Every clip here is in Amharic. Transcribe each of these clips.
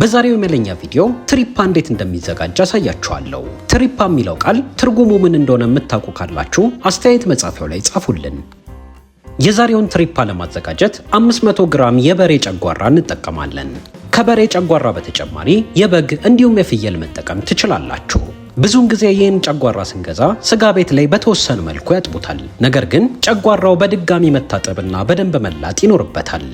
በዛሬው የመለኛ ቪዲዮ ትሪፓ እንዴት እንደሚዘጋጅ አሳያችኋለሁ። ትሪፓ የሚለው ቃል ትርጉሙ ምን እንደሆነ የምታውቁ ካላችሁ አስተያየት መጻፊያው ላይ ጻፉልን። የዛሬውን ትሪፓ ለማዘጋጀት 500 ግራም የበሬ ጨጓራ እንጠቀማለን። ከበሬ ጨጓራ በተጨማሪ የበግ እንዲሁም የፍየል መጠቀም ትችላላችሁ። ብዙውን ጊዜ ይህን ጨጓራ ስንገዛ ስጋ ቤት ላይ በተወሰነ መልኩ ያጥቡታል። ነገር ግን ጨጓራው በድጋሚ መታጠብና በደንብ መላጥ ይኖርበታል።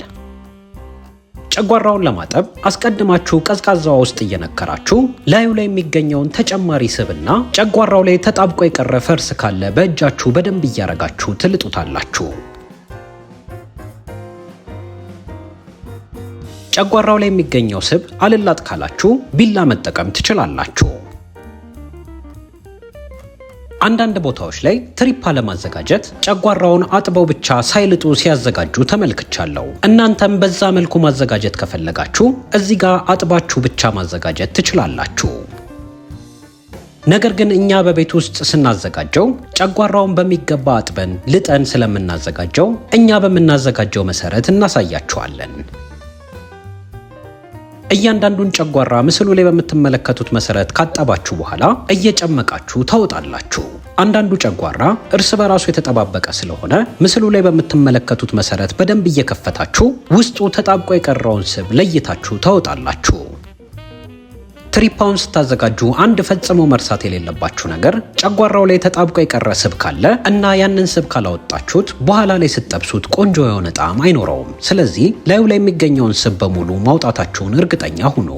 ጨጓራውን ለማጠብ አስቀድማችሁ ቀዝቃዛዋ ውስጥ እየነከራችሁ ላዩ ላይ የሚገኘውን ተጨማሪ ስብና ጨጓራው ላይ ተጣብቆ የቀረ ፈርስ ካለ በእጃችሁ በደንብ እያረጋችሁ ትልጡታላችሁ። ጨጓራው ላይ የሚገኘው ስብ አልላጥ ካላችሁ ቢላ መጠቀም ትችላላችሁ። አንዳንድ ቦታዎች ላይ ትሪፓ ለማዘጋጀት ጨጓራውን አጥበው ብቻ ሳይልጡ ሲያዘጋጁ ተመልክቻለሁ። እናንተም በዛ መልኩ ማዘጋጀት ከፈለጋችሁ እዚህ ጋር አጥባችሁ ብቻ ማዘጋጀት ትችላላችሁ። ነገር ግን እኛ በቤት ውስጥ ስናዘጋጀው ጨጓራውን በሚገባ አጥበን ልጠን ስለምናዘጋጀው እኛ በምናዘጋጀው መሰረት እናሳያችኋለን። እያንዳንዱን ጨጓራ ምስሉ ላይ በምትመለከቱት መሰረት ካጠባችሁ በኋላ እየጨመቃችሁ ታወጣላችሁ። አንዳንዱ ጨጓራ እርስ በራሱ የተጠባበቀ ስለሆነ ምስሉ ላይ በምትመለከቱት መሰረት በደንብ እየከፈታችሁ ውስጡ ተጣብቆ የቀረውን ስብ ለይታችሁ ታወጣላችሁ። ትሪፓውን ስታዘጋጁ አንድ ፈጽሞ መርሳት የሌለባችሁ ነገር ጨጓራው ላይ ተጣብቆ የቀረ ስብ ካለ እና ያንን ስብ ካላወጣችሁት በኋላ ላይ ስትጠብሱት ቆንጆ የሆነ ጣዕም አይኖረውም። ስለዚህ ላዩ ላይ የሚገኘውን ስብ በሙሉ ማውጣታችሁን እርግጠኛ ሁኑ።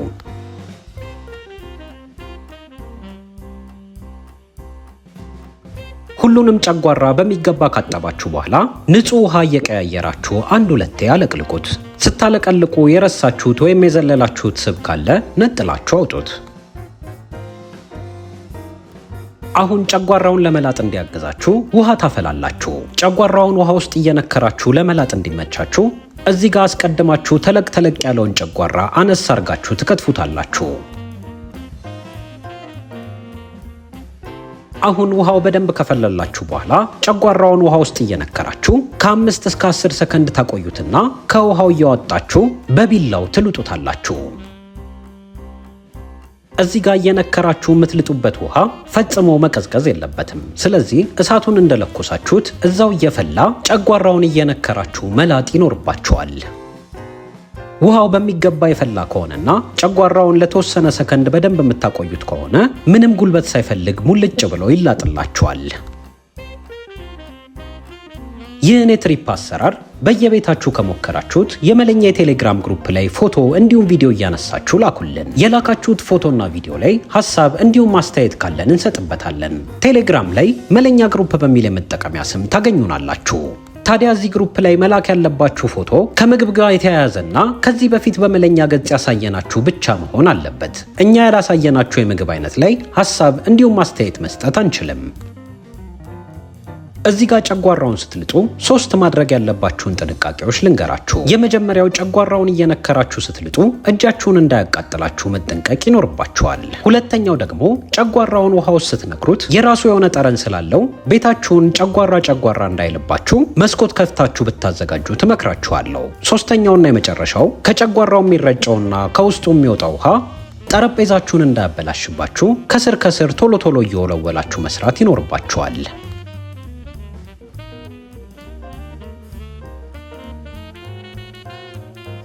ሁሉንም ጨጓራ በሚገባ ካጠባችሁ በኋላ ንጹህ ውሃ እየቀያየራችሁ አንድ ሁለቴ ያለቅልቁት። ስታለቀልቁ የረሳችሁት ወይም የዘለላችሁት ስብ ካለ ነጥላችሁ አውጡት። አሁን ጨጓራውን ለመላጥ እንዲያግዛችሁ ውሃ ታፈላላችሁ። ጨጓራውን ውሃ ውስጥ እየነከራችሁ ለመላጥ እንዲመቻችሁ እዚህ ጋር አስቀድማችሁ ተለቅ ተለቅ ያለውን ጨጓራ አነስ አርጋችሁ ትከትፉታላችሁ። አሁን ውሃው በደንብ ከፈለላችሁ በኋላ ጨጓራውን ውሃ ውስጥ እየነከራችሁ ከአምስት እስከ አስር ሰከንድ ታቆዩትና ከውሃው እያወጣችሁ በቢላው ትልጡታላችሁ። እዚህ ጋር እየነከራችሁ የምትልጡበት ውሃ ፈጽሞ መቀዝቀዝ የለበትም። ስለዚህ እሳቱን እንደለኮሳችሁት እዛው እየፈላ ጨጓራውን እየነከራችሁ መላጥ ይኖርባችኋል። ውሃው በሚገባ የፈላ ከሆነና ጨጓራውን ለተወሰነ ሰከንድ በደንብ የምታቆዩት ከሆነ ምንም ጉልበት ሳይፈልግ ሙልጭ ብሎ ይላጥላችኋል። ይህን የትሪፕ አሰራር በየቤታችሁ ከሞከራችሁት የመለኛ የቴሌግራም ግሩፕ ላይ ፎቶ እንዲሁም ቪዲዮ እያነሳችሁ ላኩልን። የላካችሁት ፎቶና ቪዲዮ ላይ ሀሳብ እንዲሁም ማስተያየት ካለን እንሰጥበታለን። ቴሌግራም ላይ መለኛ ግሩፕ በሚል የመጠቀሚያ ስም ታገኙናላችሁ። ታዲያ እዚህ ግሩፕ ላይ መላክ ያለባችሁ ፎቶ ከምግብ ጋር የተያያዘና ከዚህ በፊት በመለኛ ገጽ ያሳየናችሁ ብቻ መሆን አለበት። እኛ ያላሳየናችሁ የምግብ አይነት ላይ ሀሳብ እንዲሁም አስተያየት መስጠት አንችልም። እዚህ ጋር ጨጓራውን ስትልጡ ሶስት ማድረግ ያለባችሁን ጥንቃቄዎች ልንገራችሁ። የመጀመሪያው ጨጓራውን እየነከራችሁ ስትልጡ እጃችሁን እንዳያቃጥላችሁ መጠንቀቅ ይኖርባችኋል። ሁለተኛው ደግሞ ጨጓራውን ውሃ ውስጥ ስትነክሩት የራሱ የሆነ ጠረን ስላለው ቤታችሁን ጨጓራ ጨጓራ እንዳይልባችሁ መስኮት ከፍታችሁ ብታዘጋጁ ትመክራችኋለሁ። ሶስተኛውና የመጨረሻው ከጨጓራው የሚረጨውና ከውስጡ የሚወጣው ውሃ ጠረጴዛችሁን እንዳያበላሽባችሁ ከስር ከስር ቶሎ ቶሎ እየወለወላችሁ መስራት ይኖርባችኋል።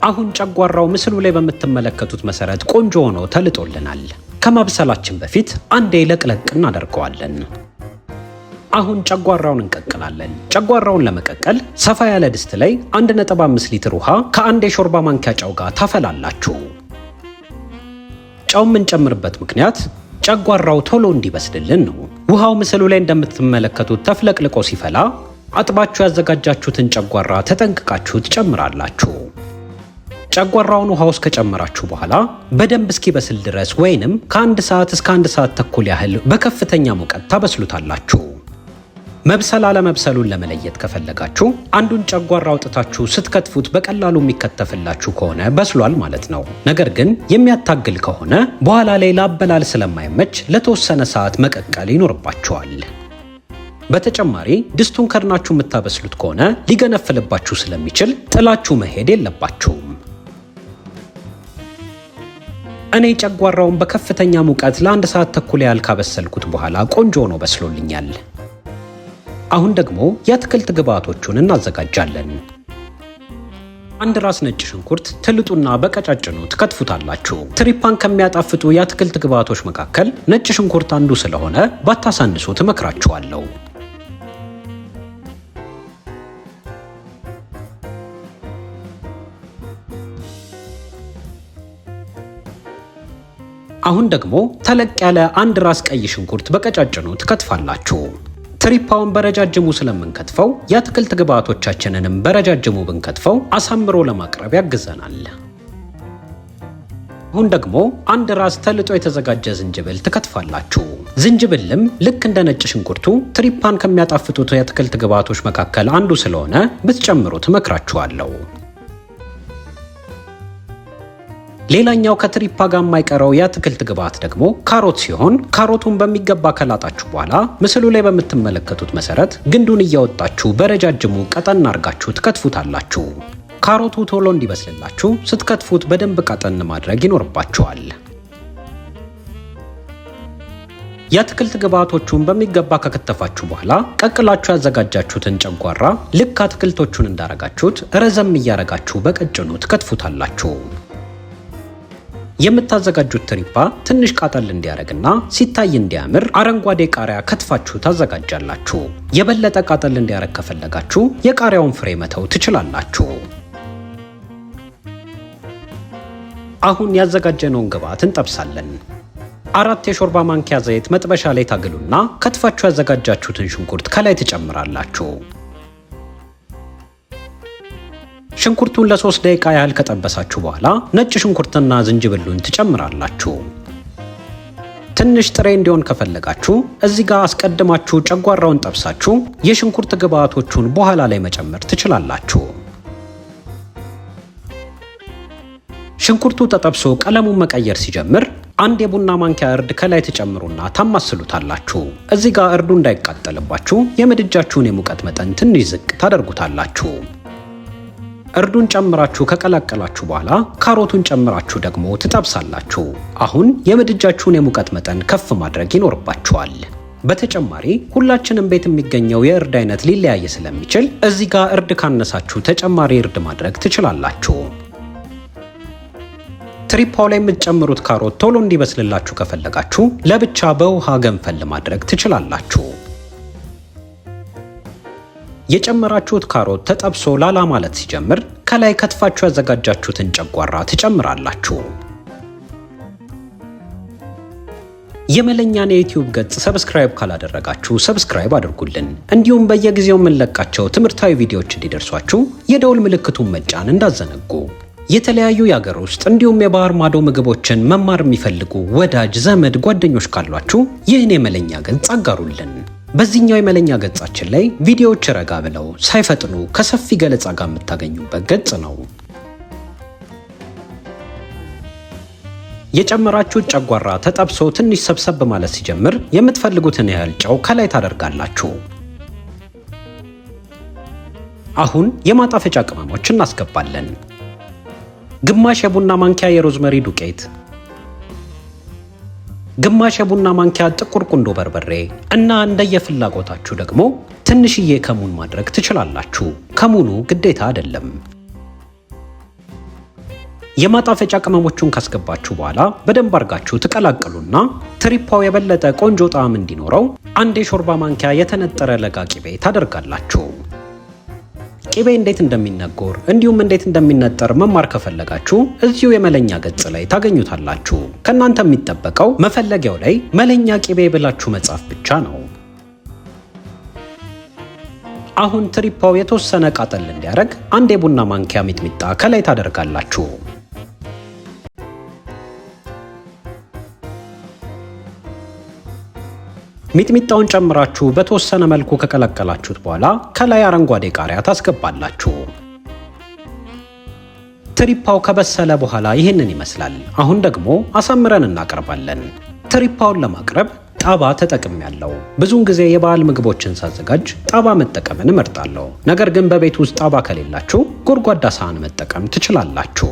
አሁን ጨጓራው ምስሉ ላይ በምትመለከቱት መሰረት ቆንጆ ሆኖ ተልጦልናል። ከማብሰላችን በፊት አንዴ ለቅለቅ እናደርገዋለን። አሁን ጨጓራውን እንቀቅላለን። ጨጓራውን ለመቀቀል ሰፋ ያለ ድስት ላይ 1.5 ሊትር ውሃ ከአንድ የሾርባ ማንኪያ ጨው ጋር ታፈላላችሁ። ጨው የምንጨምርበት ምክንያት ጨጓራው ቶሎ እንዲበስልልን ነው። ውሃው ምስሉ ላይ እንደምትመለከቱት ተፍለቅልቆ ሲፈላ አጥባችሁ ያዘጋጃችሁትን ጨጓራ ተጠንቅቃችሁ ትጨምራላችሁ። ጨጓራውን ውሃ ውስጥ ከጨመራችሁ በኋላ በደንብ እስኪበስል ድረስ ወይንም ከአንድ ሰዓት እስከ አንድ ሰዓት ተኩል ያህል በከፍተኛ ሙቀት ታበስሉታላችሁ። መብሰል አለመብሰሉን ለመለየት ከፈለጋችሁ አንዱን ጨጓራ አውጥታችሁ ስትከትፉት በቀላሉ የሚከተፍላችሁ ከሆነ በስሏል ማለት ነው። ነገር ግን የሚያታግል ከሆነ በኋላ ላይ ላበላል ስለማይመች ለተወሰነ ሰዓት መቀቀል ይኖርባችኋል። በተጨማሪ ድስቱን ከድናችሁ የምታበስሉት ከሆነ ሊገነፍልባችሁ ስለሚችል ጥላችሁ መሄድ የለባችሁም። እኔ ጨጓራውን በከፍተኛ ሙቀት ለአንድ ሰዓት ተኩል ያህል ካበሰልኩት በኋላ ቆንጆ ሆኖ በስሎልኛል። አሁን ደግሞ የአትክልት ግብዓቶቹን እናዘጋጃለን። አንድ ራስ ነጭ ሽንኩርት ትልጡና በቀጫጭኑ ትከትፉታላችሁ። ትሪፓን ከሚያጣፍጡ የአትክልት ግብዓቶች መካከል ነጭ ሽንኩርት አንዱ ስለሆነ ባታሳንሱ ትመክራችኋለሁ። አሁን ደግሞ ተለቅ ያለ አንድ ራስ ቀይ ሽንኩርት በቀጫጭኑ ትከትፋላችሁ። ትሪፓውን በረጃጅሙ ስለምንከትፈው የአትክልት ግብአቶቻችንንም በረጃጅሙ ብንከትፈው አሳምሮ ለማቅረብ ያግዘናል። አሁን ደግሞ አንድ ራስ ተልጦ የተዘጋጀ ዝንጅብል ትከትፋላችሁ። ዝንጅብልም ልክ እንደ ነጭ ሽንኩርቱ ትሪፓን ከሚያጣፍጡት የአትክልት ግብአቶች መካከል አንዱ ስለሆነ ብትጨምሩት እመክራችኋለሁ። ሌላኛው ከትሪፓ ጋር የማይቀረው የአትክልት ግብዓት ደግሞ ካሮት ሲሆን ካሮቱን በሚገባ ከላጣችሁ በኋላ ምስሉ ላይ በምትመለከቱት መሰረት ግንዱን እያወጣችሁ በረጃጅሙ ቀጠን አድርጋችሁ ትከትፉታላችሁ። ካሮቱ ቶሎ እንዲበስልላችሁ ስትከትፉት በደንብ ቀጠን ማድረግ ይኖርባችኋል። የአትክልት ግብዓቶቹን በሚገባ ከከተፋችሁ በኋላ ቀቅላችሁ ያዘጋጃችሁትን ጨጓራ ልክ አትክልቶቹን እንዳረጋችሁት ረዘም እያረጋችሁ በቀጭኑ ትከትፉታላችሁ። የምታዘጋጁት ትሪፓ ትንሽ ቃጠል እንዲያደርግና ሲታይ እንዲያምር አረንጓዴ ቃሪያ ከትፋችሁ ታዘጋጃላችሁ። የበለጠ ቃጠል እንዲያደርግ ከፈለጋችሁ የቃሪያውን ፍሬ መተው ትችላላችሁ። አሁን ያዘጋጀነውን ግብዓት እንጠብሳለን። አራት የሾርባ ማንኪያ ዘይት መጥበሻ ላይ ታግሉና ከትፋችሁ ያዘጋጃችሁትን ሽንኩርት ከላይ ትጨምራላችሁ። ሽንኩርቱን ለሶስት ደቂቃ ያህል ከጠበሳችሁ በኋላ ነጭ ሽንኩርትና ዝንጅብሉን ትጨምራላችሁ። ትንሽ ጥሬ እንዲሆን ከፈለጋችሁ እዚህ ጋር አስቀድማችሁ ጨጓራውን ጠብሳችሁ የሽንኩርት ግብአቶቹን በኋላ ላይ መጨመር ትችላላችሁ። ሽንኩርቱ ተጠብሶ ቀለሙን መቀየር ሲጀምር አንድ የቡና ማንኪያ እርድ ከላይ ትጨምሩና ታማስሉታላችሁ። እዚህ ጋር እርዱ እንዳይቃጠልባችሁ የምድጃችሁን የሙቀት መጠን ትንሽ ዝቅ ታደርጉታላችሁ። እርዱን ጨምራችሁ ከቀላቀላችሁ በኋላ ካሮቱን ጨምራችሁ ደግሞ ትጠብሳላችሁ። አሁን የምድጃችሁን የሙቀት መጠን ከፍ ማድረግ ይኖርባችኋል። በተጨማሪ ሁላችንም ቤት የሚገኘው የእርድ አይነት ሊለያየ ስለሚችል እዚህ ጋር እርድ ካነሳችሁ ተጨማሪ እርድ ማድረግ ትችላላችሁ። ትሪፓው ላይ የምትጨምሩት ካሮት ቶሎ እንዲበስልላችሁ ከፈለጋችሁ ለብቻ በውሃ ገንፈል ማድረግ ትችላላችሁ። የጨመራችሁት ካሮት ተጠብሶ ላላ ማለት ሲጀምር ከላይ ከትፋችሁ ያዘጋጃችሁትን ጨጓራ ትጨምራላችሁ። የመለኛን የዩቲዩብ ገጽ ሰብስክራይብ ካላደረጋችሁ ሰብስክራይብ አድርጉልን። እንዲሁም በየጊዜው የምንለቃቸው ትምህርታዊ ቪዲዮዎች እንዲደርሷችሁ የደውል ምልክቱን መጫን እንዳዘነጉ። የተለያዩ የአገር ውስጥ እንዲሁም የባህር ማዶ ምግቦችን መማር የሚፈልጉ ወዳጅ ዘመድ ጓደኞች ካሏችሁ ይህን የመለኛ ገጽ አጋሩልን። በዚህኛው የመለኛ ገጻችን ላይ ቪዲዮዎች ረጋ ብለው ሳይፈጥኑ ከሰፊ ገለጻ ጋር የምታገኙበት ገጽ ነው። የጨመራችሁት ጨጓራ ተጠብሶ ትንሽ ሰብሰብ ማለት ሲጀምር የምትፈልጉትን ያህል ጨው ከላይ ታደርጋላችሁ። አሁን የማጣፈጫ ቅመሞች እናስገባለን። ግማሽ የቡና ማንኪያ የሮዝመሪ ዱቄት ግማሽ የቡና ማንኪያ ጥቁር ቁንዶ በርበሬ እና እንደየፍላጎታችሁ ደግሞ ትንሽዬ ከሙን ማድረግ ትችላላችሁ። ከሙኑ ግዴታ አይደለም። የማጣፈጫ ቅመሞቹን ካስገባችሁ በኋላ በደንብ አርጋችሁ ትቀላቅሉና ትሪፓው የበለጠ ቆንጆ ጣዕም እንዲኖረው አንድ የሾርባ ማንኪያ የተነጠረ ለጋ ቂቤ ታደርጋላችሁ። ቅቤ እንዴት እንደሚነጎር እንዲሁም እንዴት እንደሚነጠር መማር ከፈለጋችሁ እዚሁ የመለኛ ገጽ ላይ ታገኙታላችሁ። ከእናንተ የሚጠበቀው መፈለጊያው ላይ መለኛ ቅቤ ብላችሁ መጻፍ ብቻ ነው። አሁን ትሪፓው የተወሰነ ቃጠል እንዲያደርግ አንድ የቡና ማንኪያ ሚጥሚጣ ከላይ ታደርጋላችሁ። ሚጥሚጣውን ጨምራችሁ በተወሰነ መልኩ ከቀላቀላችሁት በኋላ ከላይ አረንጓዴ ቃሪያ ታስገባላችሁ። ትሪፓው ከበሰለ በኋላ ይህንን ይመስላል። አሁን ደግሞ አሳምረን እናቀርባለን። ትሪፓውን ለማቅረብ ጣባ ተጠቅም ያለው ብዙውን ጊዜ የበዓል ምግቦችን ሳዘጋጅ ጣባ መጠቀምን እመርጣለሁ። ነገር ግን በቤት ውስጥ ጣባ ከሌላችሁ ጎድጓዳ ሳህን መጠቀም ትችላላችሁ።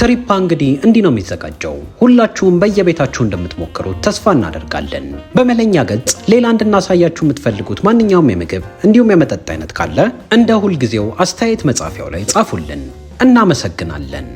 ትሪፓ እንግዲህ እንዲህ ነው የሚዘጋጀው። ሁላችሁም በየቤታችሁ እንደምትሞክሩት ተስፋ እናደርጋለን። በመለኛ ገጽ ሌላ እንድናሳያችሁ የምትፈልጉት ማንኛውም የምግብ እንዲሁም የመጠጥ አይነት ካለ እንደ ሁልጊዜው አስተያየት መጻፊያው ላይ ጻፉልን። እናመሰግናለን።